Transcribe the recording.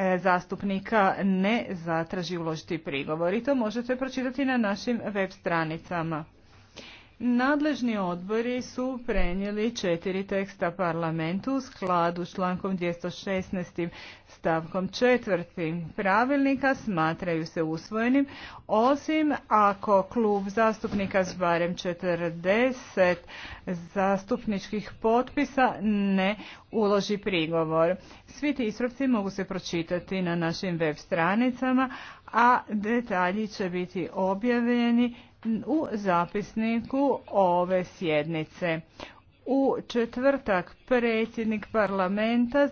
E, zastupnika ne zatraži uložiti prigovor i to možete pročitati na našim web stranicama. Nadležni odbori su prenijeli četiri teksta parlamentu u skladu s člankom 216. stavkom 4. pravilnika smatraju se usvojenim, osim ako klub zastupnika s barem 40 zastupničkih potpisa ne uloži prigovor. Svi ti ispravci mogu se pročitati na našim web stranicama, a detalji će biti objavljeni u zapisniku ove sjednice. U četvrtak predsjednik parlamenta